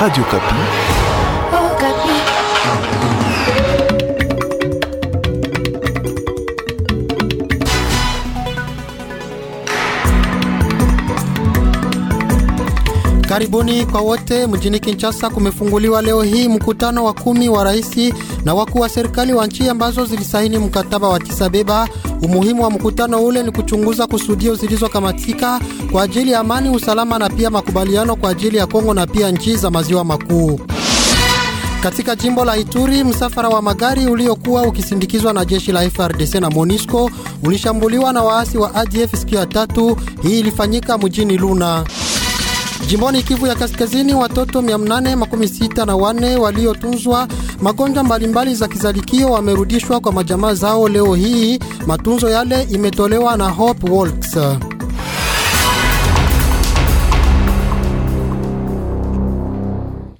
Radio Kapi. Oh, Kapi. Karibuni kwa wote. Mjini Kinshasa kumefunguliwa leo hii mkutano wa kumi wa rais na wakuu wa serikali wa nchi ambazo zilisaini mkataba wa Addis Umuhimu wa mkutano ule ni kuchunguza kusudio zilizokamatika kwa ajili ya amani, usalama na pia makubaliano kwa ajili ya Kongo na pia nchi za maziwa makuu. Katika jimbo la Ituri, msafara wa magari uliokuwa ukisindikizwa na jeshi la FRDC na MONUSCO ulishambuliwa na waasi wa ADF siku ya tatu. Hii ilifanyika mjini Luna. Jimboni Kivu ya Kaskazini, watoto 864 waliotunzwa magonjwa mbalimbali za kizalikio wamerudishwa kwa majamaa zao leo hii. Matunzo yale imetolewa na Hope Works.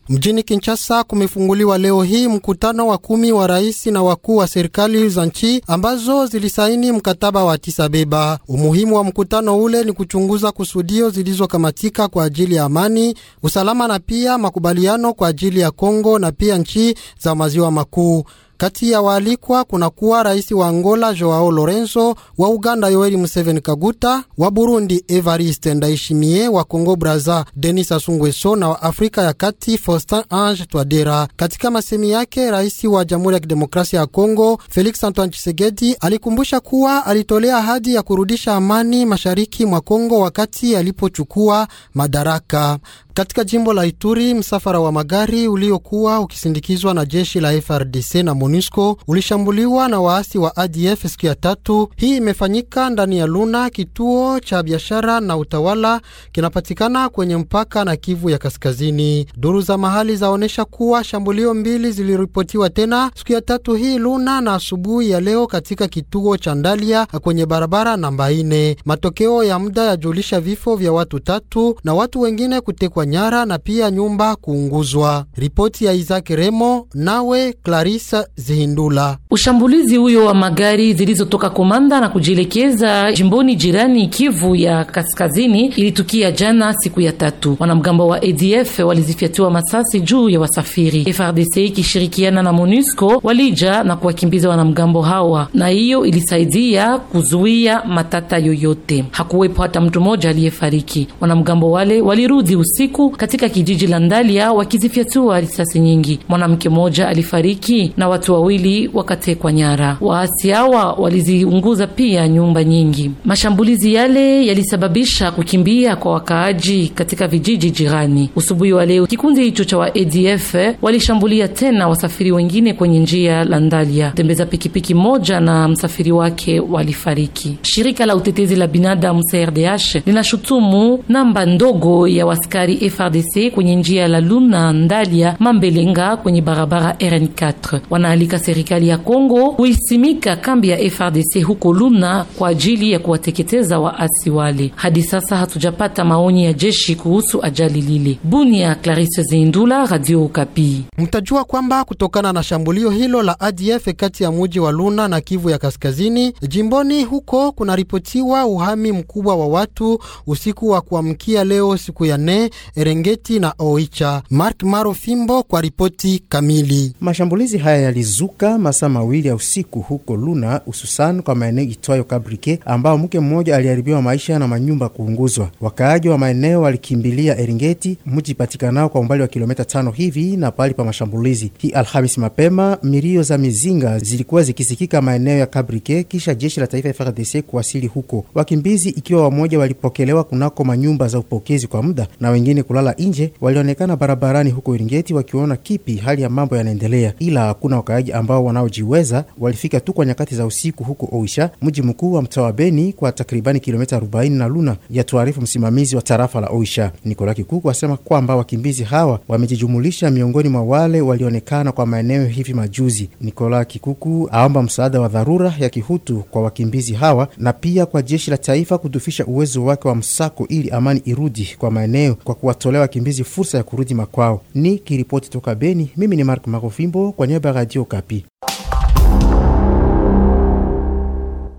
Mjini Kinshasa kumefunguliwa leo hii mkutano wa kumi wa rais na wakuu wa serikali za nchi ambazo zilisaini mkataba wa Addis Ababa. Umuhimu wa mkutano ule ni kuchunguza kusudio zilizokamatika kwa ajili ya amani, usalama na pia makubaliano kwa ajili ya Kongo na pia nchi za maziwa makuu. Kati ya waalikwa kunakuwa rais wa Angola Joao Lorenzo, wa Uganda Yoweri Museveni Kaguta, wa Burundi Evariste Ndayishimiye, wa Kongo Braza Denis asungweso na wa Afrika ya Kati Faustin Ange Twadera. Katika masemi yake, rais wa Jamhuri ya Kidemokrasia ya Kongo Felix Antoine chisekedi alikumbusha kuwa alitolea ahadi ya kurudisha amani mashariki mwa Kongo wakati alipochukua madaraka. Katika jimbo la Ituri, msafara wa magari uliokuwa ukisindikizwa na jeshi la FRDC na MONUSCO ulishambuliwa na waasi wa ADF siku ya tatu. Hii imefanyika ndani ya Luna, kituo cha biashara na utawala kinapatikana kwenye mpaka na Kivu ya Kaskazini. Duru za mahali zaonyesha kuwa shambulio mbili ziliripotiwa tena siku ya tatu hii Luna na asubuhi ya leo katika kituo cha Ndalia kwenye barabara namba ine. Matokeo ya muda yajulisha vifo vya watu tatu na watu wengine kutekwa nyara na pia nyumba kuunguzwa. Ripoti ya Isaac Remo nawe Clarissa Zihindula. Ushambulizi huyo wa magari zilizotoka Komanda na kujielekeza jimboni jirani Kivu ya Kaskazini ilitukia jana siku ya tatu. Wanamgambo wa ADF walizifyatiwa masasi juu ya wasafiri. FRDC ikishirikiana na MONUSCO walija na kuwakimbiza wanamgambo hawa, na hiyo ilisaidia kuzuia matata yoyote. Hakuwepo hata mtu mmoja aliyefariki. Wanamgambo wale walirudi usiku usiku katika kijiji la Ndalia wakizifyatua risasi nyingi. Mwanamke mmoja alifariki na watu wawili wakatekwa nyara. Waasi hawa waliziunguza pia nyumba nyingi. Mashambulizi yale yalisababisha kukimbia kwa wakaaji katika vijiji jirani. Usubuhi wa leo kikundi hicho cha wa ADF walishambulia tena wasafiri wengine kwenye njia la Ndalia. Tembeza pikipiki moja na msafiri wake walifariki. Shirika la utetezi la binadamu CRDH linashutumu namba ndogo ya waskari FRDC kwenye njia la luna Ndalia Mambelenga kwenye barabara RN4. Wanaalika serikali ya Kongo kuisimika kambi ya FRDC huko Luna kwa ajili ya kuwateketeza waasi wale. Hadi sasa hatujapata maoni ya jeshi kuhusu ajali lile. Bunia, Clarisse Zindula, Radio Okapi. Mtajua kwamba kutokana na shambulio hilo la ADF kati ya muji wa Luna na Kivu ya Kaskazini, jimboni huko kunaripotiwa uhami mkubwa wa watu usiku wa kuamkia leo siku ya nne Erengeti na Oicha. Mark Maro Fimbo kwa ripoti kamili. Mashambulizi haya yalizuka masaa mawili ya usiku huko Luna, hususan kwa maeneo itwayo Kabrike, ambao mke mmoja aliharibiwa maisha na manyumba kuunguzwa. Wakaaji wa maeneo walikimbilia erengeti mji patikanao kwa umbali wa kilomita tano hivi na pali pa mashambulizi. Hii Alhamis mapema milio za mizinga zilikuwa zikisikika maeneo ya Kabrike kisha jeshi la taifa FARDC kuwasili huko. Wakimbizi ikiwa wamoja walipokelewa kunako manyumba za upokezi kwa muda na wengine wengine kulala nje walionekana barabarani huko Iringeti wakiona kipi hali ya mambo yanaendelea, ila hakuna wakaaji ambao wanaojiweza walifika tu kwa nyakati za usiku huko Oisha, mji mkuu wa mtaa wa Beni, kwa takribani kilomita 40 na Luna. Ya tuarifu msimamizi wa tarafa la Oisha Nikola Kikuku asema kwamba wakimbizi hawa wamejijumulisha miongoni mwa wale walionekana kwa maeneo hivi majuzi. Nikola Kikuku aomba msaada wa dharura ya kihutu kwa wakimbizi hawa na pia kwa jeshi la taifa kudufisha uwezo wake wa msako ili amani irudi kwa maeneo kwa kuwatolea wakimbizi fursa ya kurudi makwao. Ni kiripoti toka Beni, mimi ni Mark Marofimbo kwa niaba ya Radio Kapi.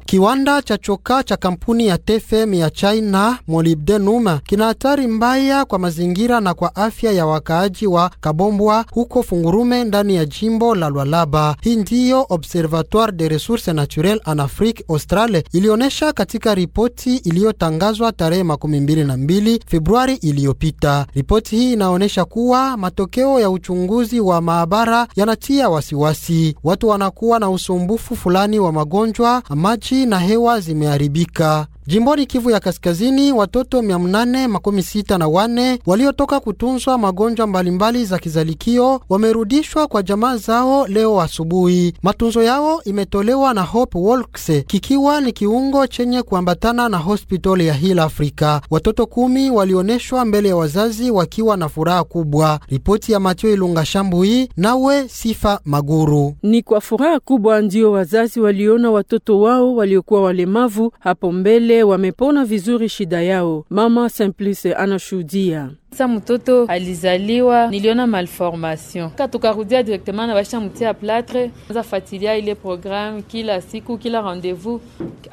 Kiwanda cha chokaa cha kampuni ya TFM ya China molibdenum kina hatari mbaya kwa mazingira na kwa afya ya wakaaji wa Kabombwa huko Fungurume ndani ya jimbo la Lwalaba. Hii ndiyo Observatoire des ressources naturelles en Afrique Australe ilionyesha katika ripoti iliyotangazwa tarehe makumi mbili na mbili Februari iliyopita. Ripoti hii inaonyesha kuwa matokeo ya uchunguzi wa maabara yanatia wasiwasi. Watu wanakuwa na usumbufu fulani wa magonjwa maji na hewa zimeharibika. Jimboni Kivu ya Kaskazini, watoto 864 waliotoka kutunzwa magonjwa mbalimbali za kizalikio wamerudishwa kwa jamaa zao leo asubuhi. Matunzo yao imetolewa na Hope Walks, kikiwa ni kiungo chenye kuambatana na hospitali ya Hill Africa. Watoto kumi walioneshwa mbele ya wazazi wakiwa na furaha kubwa. Ripoti ya matio Ilunga Shambui nawe Sifa Maguru. Ni kwa furaha kubwa ndiyo wazazi waliona watoto wao waliokuwa walemavu hapo mbele wamepona vizuri shida yao. Mama Simplice anashuhudia Sa mtoto alizaliwa niliona malformation, ka tukarudia directement na basha mtia platre, anza fatilia ile programme kila siku kila rendez-vous.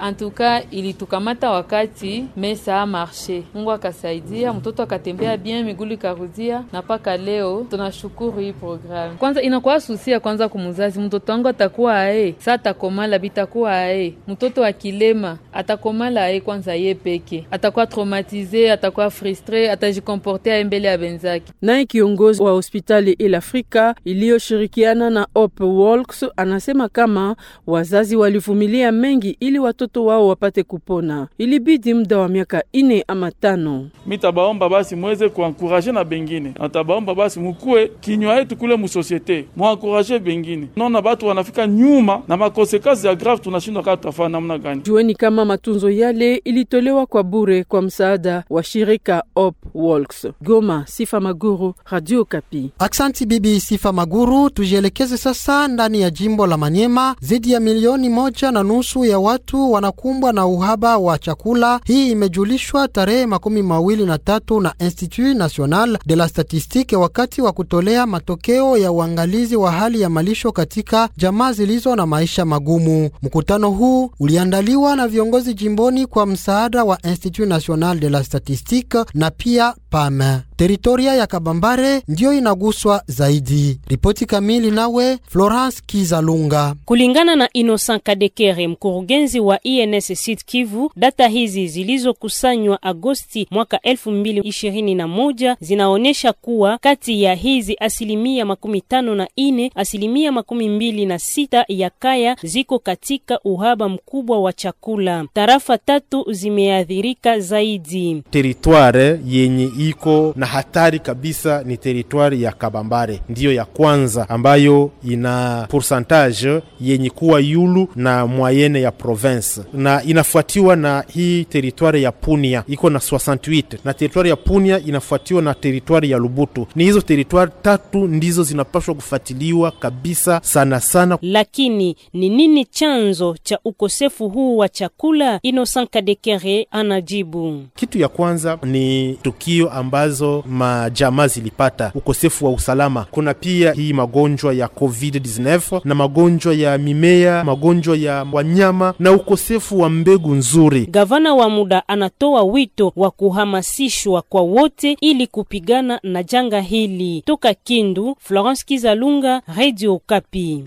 En tout cas ilitukamata wakati mesa a marche, Mungu akasaidia, mtoto akatembea bien, migulu ikarudia, na paka leo tunashukuru hii programme. Kwanza inakuwa susi ya kwanza kumuzazi, mtoto wangu atakuwa ae sa atakomala bitakuwa ae, mtoto akilema atakomala ae, kwanza ye peke atakuwa traumatize, atakuwa frustre, atajikomporta mbele ya Benzaki. Naye kiongozi wa hospitali Il Afrika iliyoshirikiana na Op Walks anasema kama wazazi walivumilia mengi ili watoto wao wapate kupona, ilibidi muda wa miaka ine ama tano. Mitabaomba basi mweze kuankuraje na bengine, natabaomba basi mukue kinywa yetu kule musosiete, mwankuraje bengine, naona batu wanafika nyuma na makosekazi ya grave, tunashindwa kaa tutafaa namna gani? Jueni kama matunzo yale ilitolewa kwa bure kwa msaada wa shirika Op Walks. Goma. Sifa Maguru, Radio Kapi. Aksanti bibi Sifa Maguru. Tujielekeze sasa ndani ya jimbo la Manyema. Zaidi ya milioni moja na nusu ya watu wanakumbwa na uhaba wa chakula. Hii imejulishwa tarehe makumi mawili na tatu na Institut National de la Statistique wakati wa kutolea matokeo ya uangalizi wa hali ya malisho katika jamaa zilizo na maisha magumu. Mkutano huu uliandaliwa na viongozi jimboni kwa msaada wa Institut National de la Statistique na pia 饭没？teritoria ya Kabambare ndiyo inaguswa zaidi. Ripoti kamili nawe Florence Kizalunga. Kulingana na Innocent Kadekere, mkurugenzi wa INS Sud Kivu, data hizi zilizokusanywa Agosti mwaka 2021 zinaonyesha kuwa kati ya hizi asilimia makumi tano na ine asilimia makumi mbili na sita ya kaya ziko katika uhaba mkubwa wa chakula. Tarafa tatu zimeathirika zaidi, teritware yenye iko na na hatari kabisa ni teritwari ya Kabambare, ndiyo ya kwanza ambayo ina pourcentage yenye kuwa yulu na mwayene ya province, na inafuatiwa na hii teritwari ya Punia iko na 68 na teritwari ya Punia inafuatiwa na teritwari ya Lubutu. Ni hizo teritwari tatu ndizo zinapaswa kufuatiliwa kabisa sana sana. Lakini ni nini chanzo cha ukosefu huu wa chakula? Innocent Kadekere anajibu, kitu ya kwanza ni tukio ambazo majamaa zilipata ukosefu wa usalama. Kuna pia hii magonjwa ya COVID-19 na magonjwa ya mimea, magonjwa ya wanyama na ukosefu wa mbegu nzuri. Gavana wa muda anatoa wito wa kuhamasishwa kwa wote ili kupigana na janga hili. Toka Kindu, Florence Kizalunga, Radio Kapi.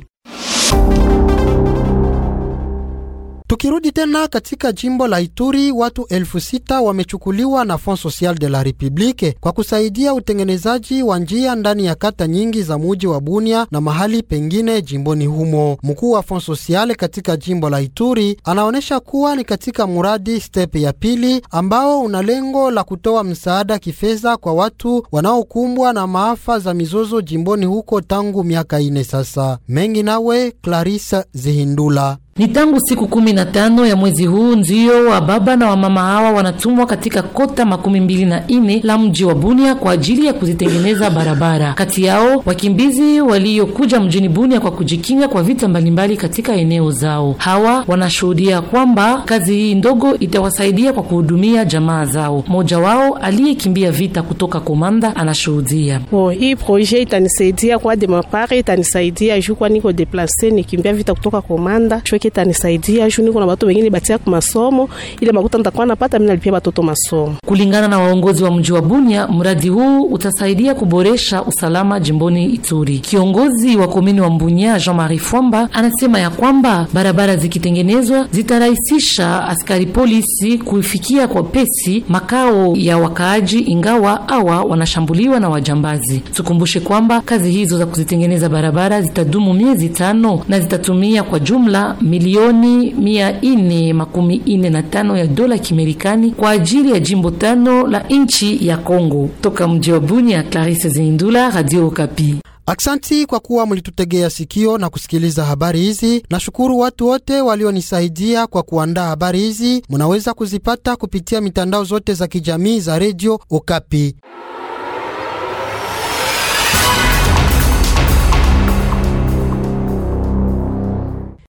Tukirudi tena katika jimbo la Ituri, watu elfu sita wamechukuliwa na Fond Social de la Republique kwa kusaidia utengenezaji wa njia ndani ya kata nyingi za muji wa Bunia na mahali pengine jimboni humo. Mkuu wa Fond Social katika jimbo la Ituri anaonyesha kuwa ni katika mradi step ya pili ambao una lengo la kutoa msaada kifedha kwa watu wanaokumbwa na maafa za mizozo jimboni huko tangu miaka ine sasa. Mengi nawe Clarissa Zihindula. Ni tangu siku kumi na tano ya mwezi huu ndio wa baba na wamama hawa wanatumwa katika kota makumi mbili na ine la mji wa Bunia kwa ajili ya kuzitengeneza barabara. Kati yao wakimbizi waliokuja mjini Bunia kwa kujikinga kwa vita mbalimbali katika eneo zao. Hawa wanashuhudia kwamba kazi hii ndogo itawasaidia kwa kuhudumia jamaa zao. Mmoja wao aliyekimbia vita kutoka Komanda anashuhudia: oh, hii proje itanisaidia kwa demapare, itanisaidia juu kwa niko deplase nikimbia vita kutoka Komanda Chweke itanisaidia juu niko na watu wengine batia kwa masomo ile makuta nitakuwa napata mimi nalipia watoto masomo. Kulingana na waongozi wa mji wa Bunia, mradi huu utasaidia kuboresha usalama jimboni Ituri. Kiongozi wa komini wa Mbunia Jean Marie Fomba anasema ya kwamba barabara zikitengenezwa zitarahisisha askari polisi kuifikia kwa pesi makao ya wakaaji, ingawa awa wanashambuliwa na wajambazi. Tukumbushe kwamba kazi hizo za kuzitengeneza barabara zitadumu miezi tano na zitatumia kwa jumla milioni mia ine makumi ine na tano ya dola kimerikani kwa ajili ya jimbo tano la nchi ya Kongo. Toka mji wa Bunia, Clarisse Zindula, Radio Okapi. Aksanti kwa kuwa mulitutegea sikio na kusikiliza habari hizi. Nashukuru watu wote walionisaidia kwa kuandaa habari hizi. Munaweza kuzipata kupitia mitandao zote za kijamii za redio Okapi.